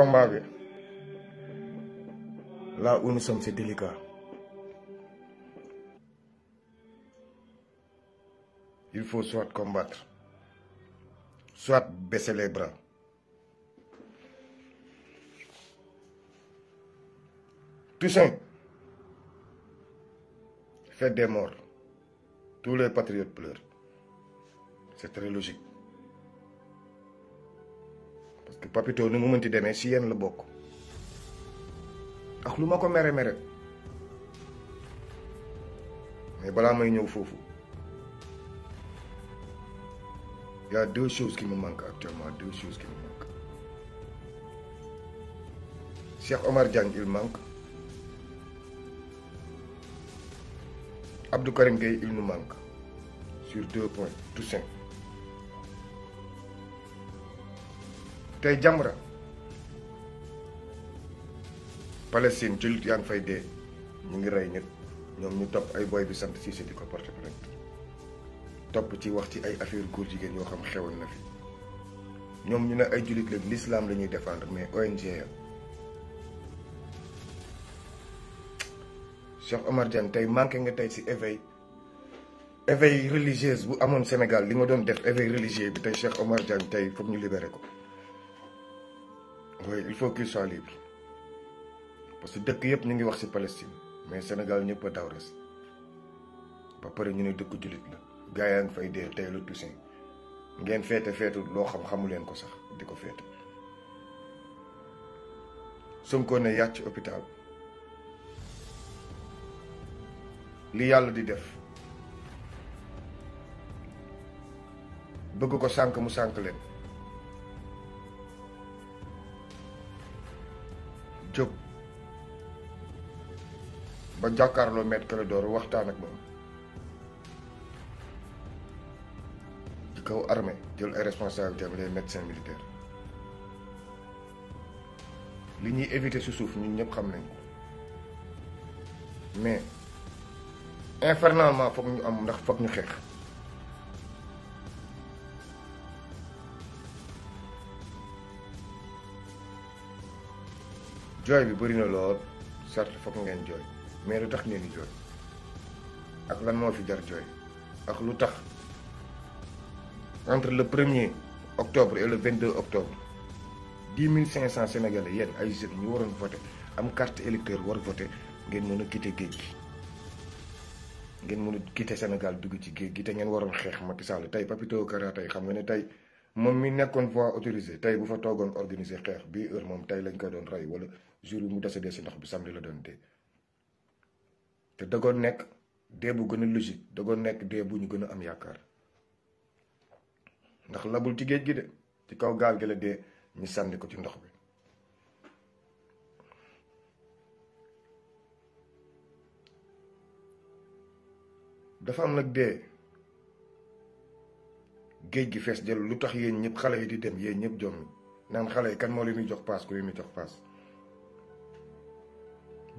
combat là où nous sommes c'est délicat il faut soit combattre soit baisser les bras simple. Faites des morts tous les patriotes pleurent c'est très logique papito ni mu mënti demee si yéen la bokk ak lu ko mere mere mais balaa may ñëw foofu y a deux choses qui me manquent actuellement deux choses qui me manquent Cheikh Omar Diagne il manque Abdou Karim Gueye il nous manque sur deux points tout simple tey Jamra Palestine jullit yaa ngi fay dee ñu ngi rey nit ñoom ñu topp ay boy bi sant Cissé di ko topp ci wax ci ay affaire góor jigéen ñoo xam xewal na fi ñoom ñu ne ay jullit léegi l'islam la ñuy défendre mais ONG ya Omar Diagne tey manqué nga tey si éveil éveil religieuse bu amoon Sénégal li nga doon def éveil religieux bi tey Cheikh Omar Diagne tey foog ñu libéré ko oui il faut qu'il libre parce que dëkk yëpp ñu ngi wax ci Palestine mais Sénégal ñëpp a daw res ba pare ñu ne dëkk jullit la gaa fay dee tey lu Toussaint ngeen feete feetu loo xam xamu leen ko sax di ko feete Sonko ne yàcc hôpital li yàlla di def bëgg ko sànk mu sànk leen ba jàkkaarloo maître Clédor waxtaan ak moom ci kaw armée jël ay responsabilité am les médecins militaires li ñuy éviter si suuf ñun ñëpp xam nañ mais infernalement foog ñu am ndax foog ñu xeex jooy bi bëri na lool certes foog ngeen jooy mais lu tax ngeen di jooy ak lan moo fi jar jooy ak lu tax entre le 1 octobre et le 22 octobre 10 500 sénégalais yéen ay jeunes ñu waroon voté am carte électeur war voté ngeen mën a quitté géej gi ngeen mën a quitté sénégal dugg ci géej gi te ngeen waroon xeex Macky Sall tey Papito Kara tey xam nga ne tey moom mi nekkoon voix autorisée tey bu fa toogoon organisé xeex bii heure moom tey lañ ko doon rey wala jour bi mu décédé si ndox bi samedi la doon dee te dagoon nekk dee bu gën a logique dagoon nekk dee bu ñu gën a am yaakaar ndax labul ci géej gi de ci kaw gaal gi la dee ñu sànni ko ci ndox bi dafa am nag dee géej gi fees jël lu tax yéen ñëpp xale yi di dem yee ñëpp jom naan xale yi kan moo leen di jox paas ku leen muy jox paas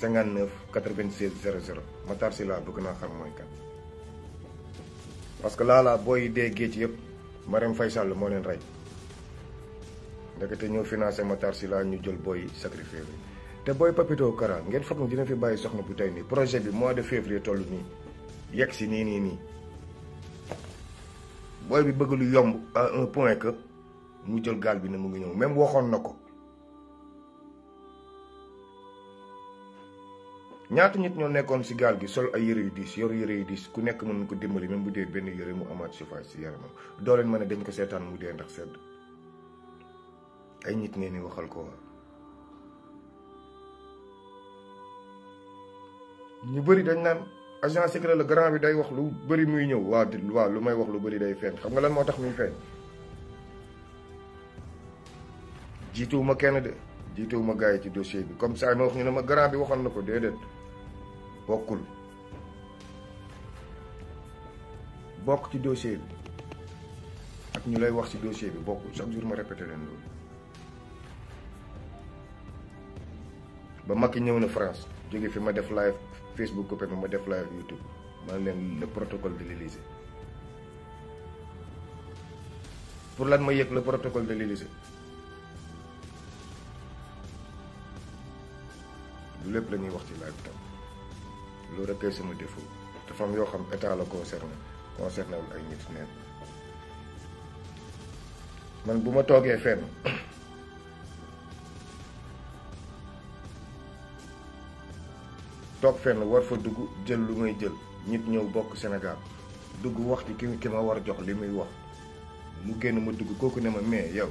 59 96 00 Matar Sylla bëgg naa boy mooy kan boy que laala booy yi dee géej yëpp Marème Faye Sall moo leen Papito Kara ngeen foog ni dina fi bàyyi soxna bu tey nii projet bi mois de février toll nii yegg si nii nii nii bi bëgg lu yomb à eh, un point que jël bi mu ngi même ñaata ñit ñoo nekkoon si gaal gi sol ay yëre yu diis yor yëre yu diis ku nekk mën ko dimbali même bu dee benn yëre mu amaat chauffage ci yaramam doo leen ma a dañ ko seetaan mu dee ndax sedd ay nit ngeen ni waxal ko waa ñu bëri dañ naan agent secret le grand bi day wax lu bëri muy ñëw waa waaw lu may wax lu bari day feeñ xam nga leen moo tax muy feeñ jiituwuma kenn de jiituwuma gars yi ci dossier bi comme ça ma wax ñu ne ma grand bi waxoon na ko déedéet Bokul, bok ci dossier bi ak ñu lay wax ci dossier bi bokkul chaque jour ma répété leen loolu ba Macky ñëw na France fi ma def live Facebook coupé ma def live YouTube ma leen le protocole de l'Élysée pour lan ma le protocole de l'Élysée du lépp la wax ci live tam loolu rek sama defu dafa am yoo xam état la concerné concerné wul ay nit neen man bu ma toogee fenn toog fenn war fa dugg jël lu may jël nit ñëw bokk Sénégal dugg wax ci ki ki war jox li muy wax mu génn ma dugg kooku ne ma mais yow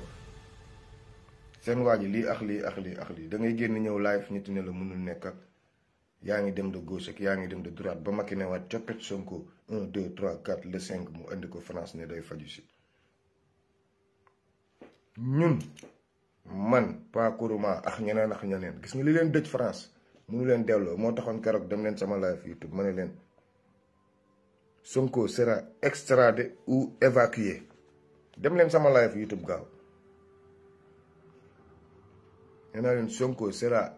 seen waa ji lii ak lii ak lii ak lii da ngay génn ñëw live nit ne la mënul nekk ak yaa ngi dem de gauche ak yaa ngi dem de droite ba Macky newaat coppet Sonko 1 2 3 4 le 5 mu indi ko France ne day faju ñun man pas kuruma ak ñeneen ak ñeneen gis nga li leen dëj France munu leen delloo moo taxoon keroog dem leen sama live YouTube ma ne leen Sonko sera extradé ou évacué dem leen sama live YouTube gaaw nee naa leen Sonko sera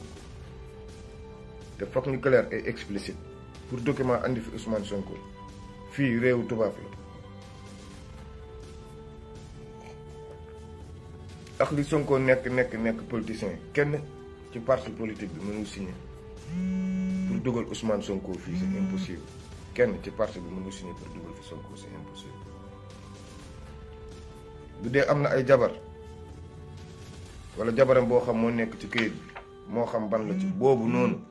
le foog nucléaire est et explicite pour document andi Ousmane Sonko fii réewu tubaab la ak Sonko nek nek nek politicien kenn ci parti politique bi mënul signer pour dugal Ousmane Sonko fii c'est impossible kenn ci parti bi mënul signer pour dugal fi Sonko c'est impossible bu dee am na ay jabar wala jabaram boo xam moo nek ci këyit bi moo xam ban la ci boobu noonu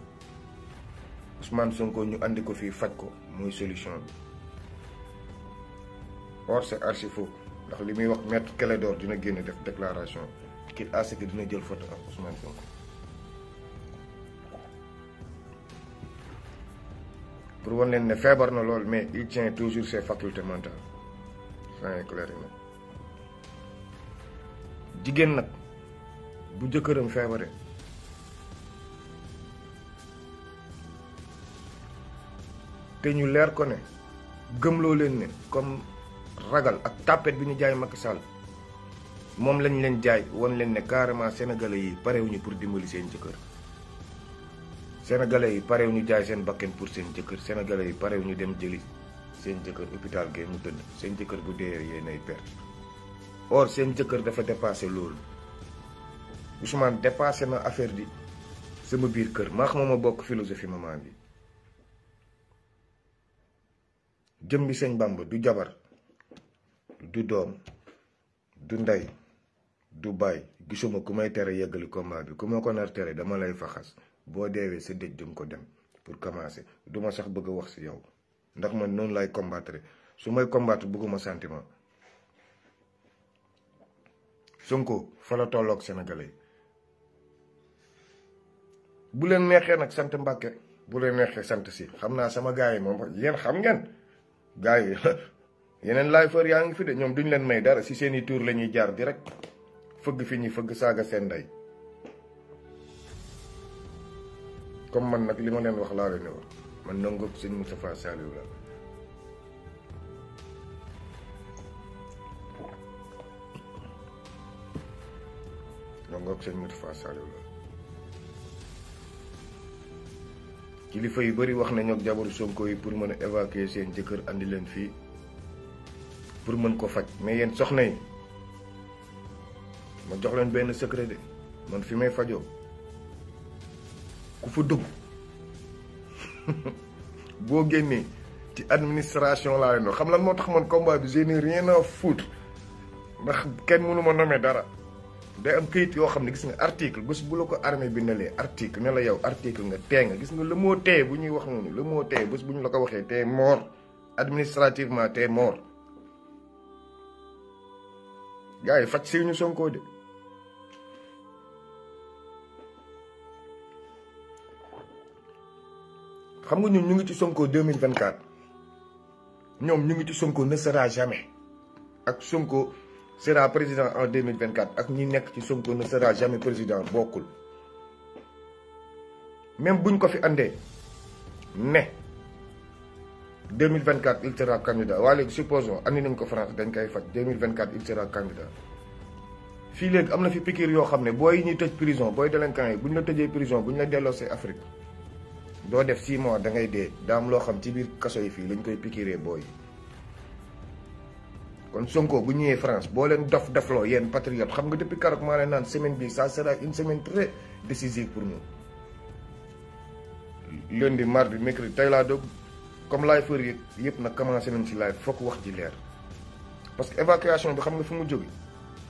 Ousmane Sonko ñu andi ko solution or c'est archi faux je li muy wax maître la dina déclaration Qu'il a que dina jël photo à Ousmane Sonko pour vous dire mais il tient toujours ses facultés mentales Sans éclairer. clair femmes, si nag bu te ñu leer ko ne gëmloo leen ne comme ragal ak tàppet bi ñu jaay Macky Sall moom lañ leen jaay won leen ne carrément sénégalais yi parewuñu pour dimbali seen jëkkër sénégalais yi parewuñu jaay seen bakken pour seen jëkkër sénégalais yi parewuñu dem jëli seen jëkkër hôpital gee mu tëdd seen jëkkër bu dee yéen ay or seen jëkkër dafa dépassé loolu Ousmane dépassé na affaire bi sama biir kër maax ma ma bokk philosophie maman bi jëm jëmbi sëñ ba du jabar du doom du ndey du baay gisuma ku may tere yeggali combat bi ku ma ko nar tere dama lay faxas boo deewee sa dëj dum ko dem pour commencer duma sax bëgg a wax si yow ndax man noonu lay combattre su may combattre bëgguma sentiment Sonko fa la tollook sénégalais bu leen neexee nag sant Mbàkke bu leen neexee sant si xam naa sama gars yi moom yéen xam ngeen gars yi yeneen laayfar yaa ngi fi de ñoom duñ leen may dara si seen i tour la ñuy jaar di rek fëgg fi ñi fëgg saaga seen ndey comme man nag li leen wax laa leen wax man nangu sëñ Moustapha Saliou la nangu sëñ Moustapha Saliou la kilifa yu bari wax nañu ak jabaru Sonko yi pour mën a évacuer seen jëkkër andi leen fii pour mën ko faj mais yéen soxna yi ma jox leen benn secret de man fi may fajoo ku fa boo génnee ti administration laa leen xam lan moo tax man combat bi je n'ai rien à ndax kenn mënu ma nommer dara. day am kayit yoo xam ne gis nga article bés bu la ko armée bi ne lee article ne la yow article nga tee nga gis nga la moo tee bu ñuy wax noonu le mot tee bés bu ñu la ko waxee tee moor administrativement tee mort gars yi faj siw ñu sonkoo de xam nga ñun ñu ngi ci sonko 2024 ñoom ñu ngi ci sonko ne sera jamais ak sonko sera président en 2024 ak ñi nekk ci Sonko ne sera jamais président bokkul même buñ ko fi andee ne 2024 il sera candidat waa supposons andi nañ ko France dañ 2024 il sera candidat il y a des fi qui yoo xam ne booy ñuy tëj prison Boy délinquant yi bu ñu la prison bu ñu la delloosee Afrique doit def 6 mois da ngay dee daam loo xam ci biir kaso yi fii lañ koy pikiree kon Sonko bu ñëwee France boo leen dof dofloo yéen patriote xam nga depuis keroog maa leen naan semaine bi ça sera une semaine très décisive pour nous lundi mardi mercredi dog comme live fër yi yëpp nag commencé nañ ci live fokk wax ji leer parce que évacuation bi xam nga fi mu jóge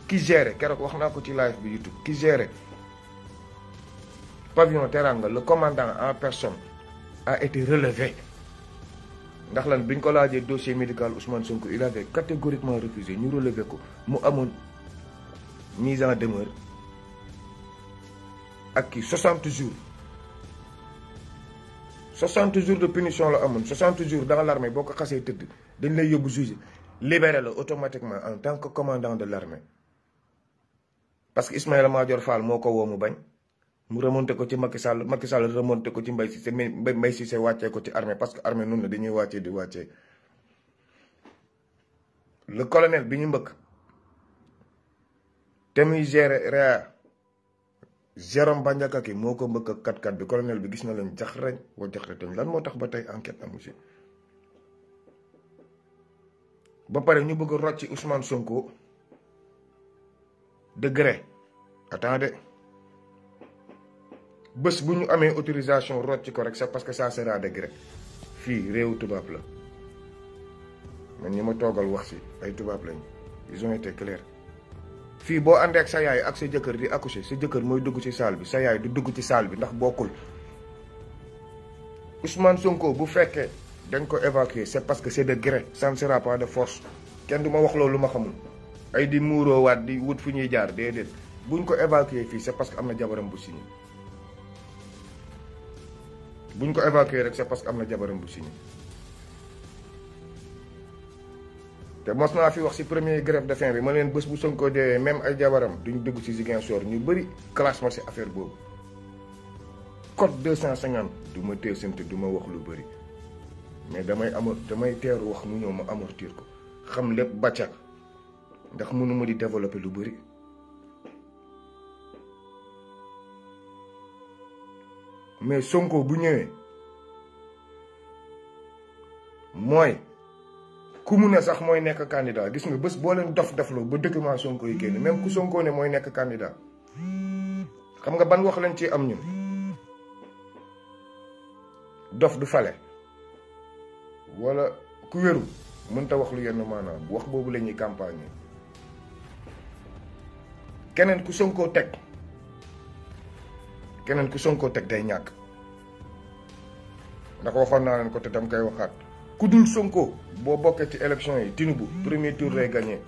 ki géré keroog wax naa ko ci live bi youtube ki géré pavillon Teranga le commandant en personne a été relevé ndax lan bi ñu ko laajee dossier médical Ousmane Sonko il avait catégoriquement refusé ñu relevé ko mu amoon mise en demeure ak kii 60 jours 60 jours de punition la amul 60 jours dans l'armée boo ko xasee tëdd dañ lay yóbbu jugé libéré la automatiquement en tant que commandant de l'armée parce que Ismaïla Madior Fall moo ko woo mu bañ. mu remonté ko ci Macky Sall Macky Sall remonté ko ci Mbaye Cissé Mbaye Cissé wàccee ko ci armée parce que armée la dañuy di le colonel bi ñu mbëkk muy gérer réa Jérôme Bandiaka ki kat kat bi colonel bi gis na leen jaxrañ wa jaxrateñ lan moo ba tey enquête amu si ba ñu bëgg rocc Ousmane Sonko de gré attendez bës bu ñu amee autorisation rocc ko rek c'est parce que ça sera dëgg rek fii réewu tubaab la man ñi ma toogal wax si ay tubaab lañu ils ont été fii boo àndee ak sa yaay ak sa jëkkër di accoucher sa jëkkër mooy dugg ci salle bi sa yaay du dugg ci salle bi ndax bokkul Ousmane Sonko bu fekkee dañ ko évacuer c'est parce que c'est de gré ça ne sera pas de force kenn du ma wax loolu ma xamul ay di muuroo waat di wut fu ñuy jaar bu ñu ko évacuer fii c'est parce que am na jabaram bu signé bu ñu ko évacuer rek c'est parce que am jabaram bu signé te mos fi wax ci premier grève de faim bi ma leen bés bu Sonko deewee même ay jabaram duñ dugg ci Ziguinchor ñu bëri classement ci affaire boobu code 250 du ma teel sant wax lu bëri mais damay amor damay teeru wax mu ñëw ma amortir ko xam lépp bàccal ndax mënuma di développer lu bëri mais Sonko bu ñëwee mooy ku mu ne sax mooy nekk candidat gis nga bés boo leen dof dofloo ba document Sonko yi génn même ku Sonko ne mooy nekk candidat xam nga ban wax lañ ci am ñun dof du fale walla ku wéru mënta wax lu yenn bu wax boobu la ñuy campagne keneen ku Sonko teg keneen ku Sonko teg day ñàkk ndax waxoon naa leen ko te dam ku dul Sonko boo bokkee ci élection yi Tinubu premier tour lay gagné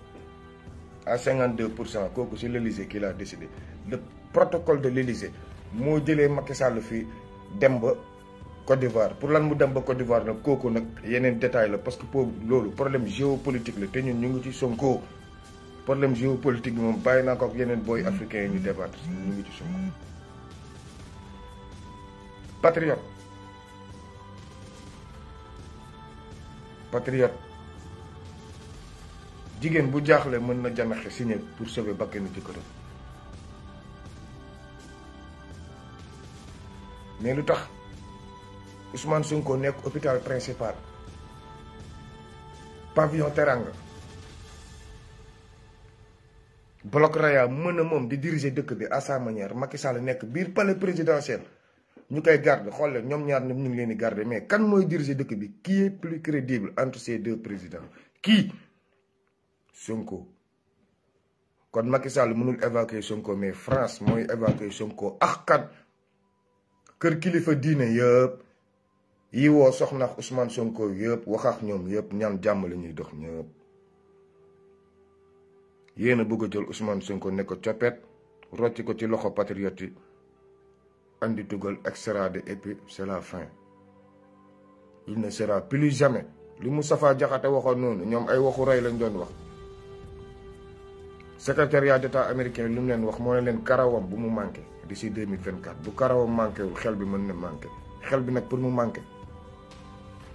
à 52 pour cent kooku si l'Élysée kii laa décidé le protocole de moo jëlee Macky fii dem ba Côte d'Ivoire pour lan mu dem ba Côte d'Ivoire nag kooku nag yeneen détail la parce que pour loolu problème géopolitique la te ñun ñu ngi ci Sonko problème géopolitique bi moom bàyyi naa ko yeneen booy africain yi ñu débattre Patriot, Patriot, Jigen bu jaaxle mën na janaxe signé pour sauver bakkenu jëkkëram mais lu tax Ousmane Sonko nekk hôpital principal pavillon teranga bloc raya mën di diriger dëkk bi à sa manière Macky Sall nekk biir palais présidentiel ñu koy garde xool ñoom ñaar ñoom ñu ngi leen di garde mais kan mooy diriger dëkk bi qui est plus crédible entre ces deux président kii Sonko kon Macky Sall mënul évacuer Sonko mais France mooy évacuer Sonko ak kat kër kilifa diine yëpp yi woo soxna ak Ousmane Sonko yëpp wax ñoom yëpp ñaan jàmm la ñuy dox ñëpp yéen bugg a jël Ousmane Sonko ne coppet rocci ko ci loxo patriote yi Andi Tugol, extradé, et puis c'est la fin. Il ne sera plus jamais. Li Moustapha Diakhaté waxon non ñom ay waxu ray lañ doon wax. Secrétariat d'État américain lim len wax mo len karawam bu mu manké d'ici 2024. Bu karawam manké wul xel bi mën na manké. Xel bi nak pour mu manké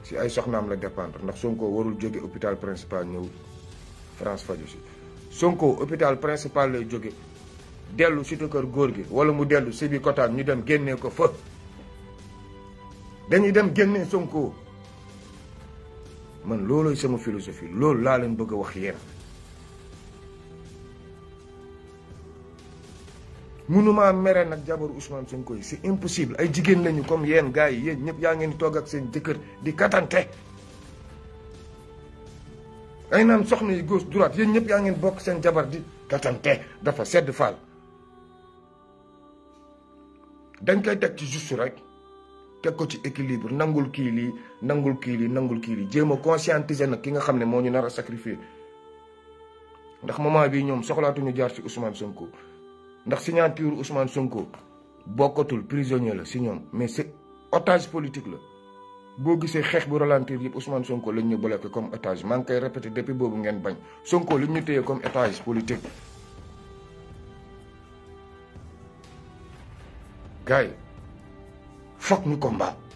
ci ay soxnaam la dépendre ndax Sonko warul jóge hôpital principal ñëw France faju si Sonko hôpital principal lay jóge dellu cité kër góor gi wala mu dellu sibi kotaan ñu dem génnee ko fa dañuy dem génnee sonko man looloy sama philosophie loolu laa leen bëgg wax yéen munuma mere nag jabar ousmane sonko yi c'est impossible ay jigéen lañu comme yéen gars yi yéen ñëpp yaa ngeen toog ak seen jëkkër di katante ay naan soxna yi gauche droite yéen ñëpp yaa ngeen bokk seen jabar di katante dafa sedd faal dañ koy teg ci juste rek teg ko ci équilibre nangul kii lii nangul kii lii nangul kii lii jéem a conscientiser nag ki nga xam ne moo ñu nar a sacrifier ndax moment bii ñoom soxlaatuñu jaar ci Ousmane Sonko ndax si signature Ousmane Sonko bokkatul prisonnier la si ñoom mais c'est otage politique la boo gisee xeex bu ralentir yëpp Ousmane Sonko lañ ñu bloqué comme otage maa ngi koy répété depuis boobu ngeen bañ Sonko li ñu téye comme otage politique. gars yi foog ñu combat